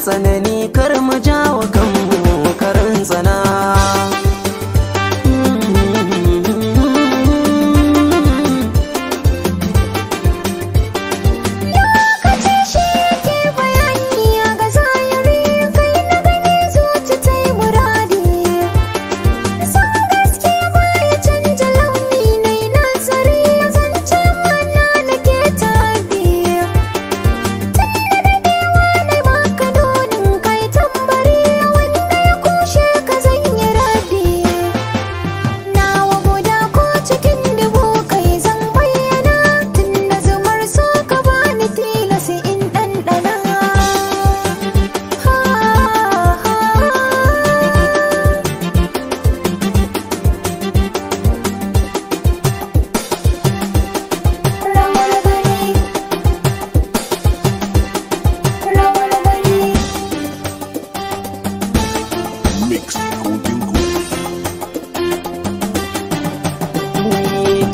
tsanani kar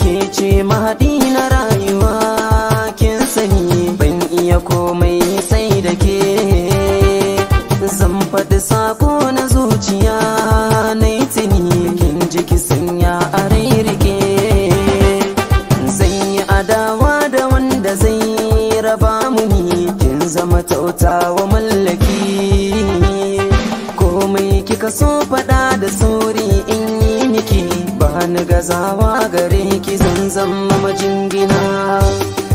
ke ce mahaɗi na rayuwa kin sani ban iya komai sai da ke zan faɗi sako na zuciya na yi tuni kin ji ki sanya a rairike zan yi adawa da wanda zai raba mu ni kin zama tautawa mallaki komai kika so faɗa da sauri wani gazawa gare ki zanzan mamajin gina